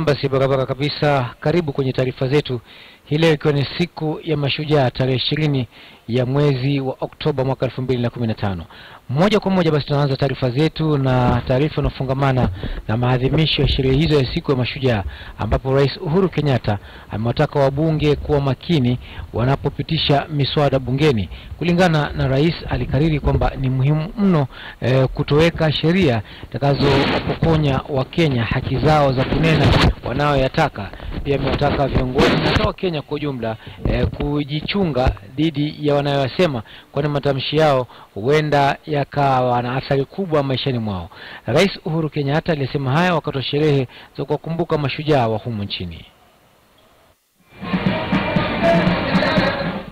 Basi barabara kabisa, karibu kwenye taarifa zetu hii leo, ikiwa ni siku ya mashujaa tarehe ishirini ya mwezi wa Oktoba mwaka elfu mbili na kumi na tano. Moja kwa moja basi tunaanza taarifa zetu na taarifa inayofungamana na maadhimisho ya sherehe hizo ya siku ya mashujaa, ambapo Rais Uhuru Kenyatta amewataka wabunge kuwa makini wanapopitisha miswada bungeni. Kulingana na rais, alikariri kwamba ni muhimu mno eh, kutoweka sheria wa Wakenya haki zao za kunena wanayoyataka. Pia amewataka viongozi na hata Wakenya kwa ujumla eh, kujichunga dhidi ya wanayosema, kwani matamshi yao huenda yakawa na athari kubwa maishani mwao. Rais Uhuru Kenyatta alisema haya wakati wa sherehe za kuwakumbuka mashujaa wa humu nchini.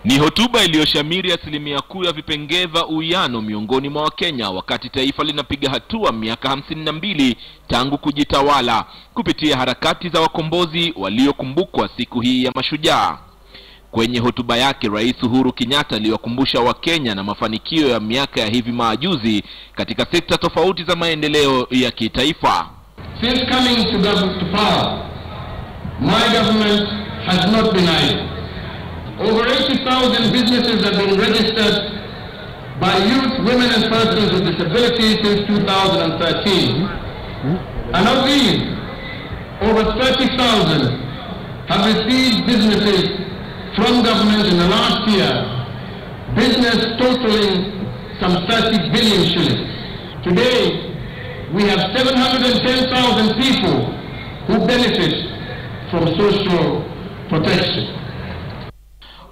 Ni hotuba iliyoshamiri asilimia kuu ya vipengee vya uwiano miongoni mwa Wakenya wakati taifa linapiga hatua miaka hamsini na mbili tangu kujitawala kupitia harakati za wakombozi waliokumbukwa siku hii ya mashujaa. Kwenye hotuba yake, Rais Uhuru Kenyatta aliwakumbusha Wakenya na mafanikio ya miaka ya hivi majuzi katika sekta tofauti za maendeleo ya kitaifa. Since coming to, to power, my government has not been idle. Over 80,000 businesses have been registered by youth, women and persons with disabilities since 2013. And of these, over 30,000 have received businesses from government in the last year, business totaling some 30 billion shillings. Today, we have 710,000 people who benefit from social protection.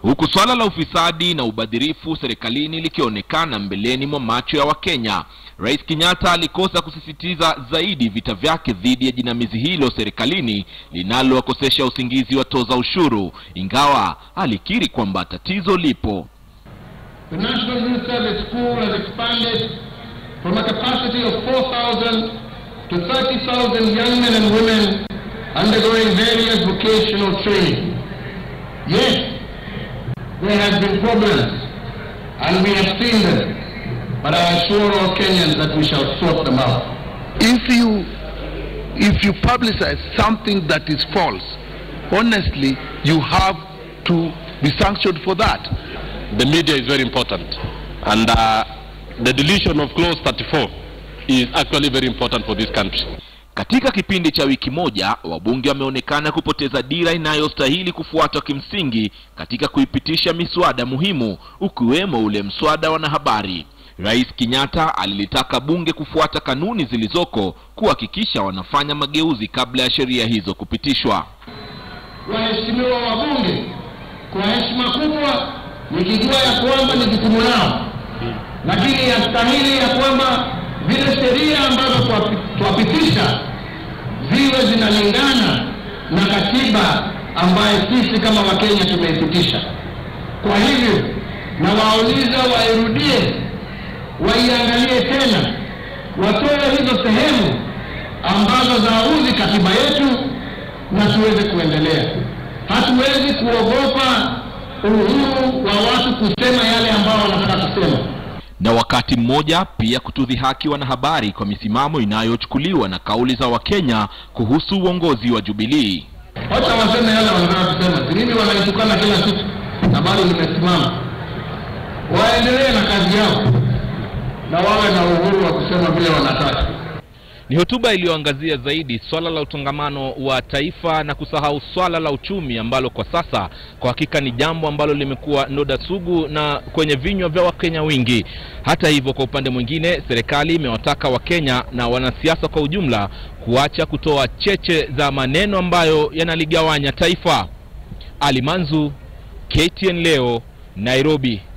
huku swala la ufisadi na ubadhirifu serikalini likionekana mbeleni mwa macho ya Wakenya. Rais Kenyatta alikosa kusisitiza zaidi vita vyake dhidi ya jinamizi hilo serikalini linalowakosesha usingizi wa toza ushuru, ingawa alikiri kwamba tatizo lipo. The National Minister School has expanded from a capacity of 4,000 to 30,000 young men and women undergoing various vocational training. Yes, There has been problems and we have seen them. But I assure all Kenyans that we shall sort them out. If you, if you publicize something that is false, honestly, you have to be sanctioned for that. The media is very important, and uh, the deletion of clause 34 is actually very important for this country. Katika kipindi cha wiki moja, wabunge wameonekana kupoteza dira inayostahili kufuatwa kimsingi katika kuipitisha miswada muhimu, ukiwemo ule mswada wanahabari. Rais Kenyatta alilitaka bunge kufuata kanuni zilizoko kuhakikisha wanafanya mageuzi kabla ya sheria hizo kupitishwa. Waheshimiwa wabunge, kwa heshima kubwa, nikijua ya kwamba ni jukumu lao, lakini yastahili ya kwamba zile sheria ambazo twapitisha ziwe zinalingana na katiba ambayo sisi kama wakenya tumeipitisha kwa hivyo na wauliza wairudie waiangalie tena watoe hizo sehemu ambazo zauzi katiba yetu na tuweze kuendelea hatuwezi kuogopa uhuru wa watu kusema yale ambao wanataka kusema na wakati mmoja pia kutudhi haki wanahabari kwa misimamo inayochukuliwa na kauli za Wakenya kuhusu uongozi wa Jubilii. Wacha waseme yale wanataka kusema, mimi wanaitukana kila siku na bado nimesimama. Waendelee na kazi yao na wawe na uhuru wa kusema vile wanataka. Ni hotuba iliyoangazia zaidi swala la utangamano wa taifa na kusahau swala la uchumi ambalo kwa sasa kwa hakika ni jambo ambalo limekuwa noda sugu na kwenye vinywa vya Wakenya wingi Hata hivyo, kwa upande mwingine, serikali imewataka Wakenya na wanasiasa kwa ujumla kuacha kutoa cheche za maneno ambayo yanaligawanya taifa. Ali Manzu, KTN leo, Nairobi.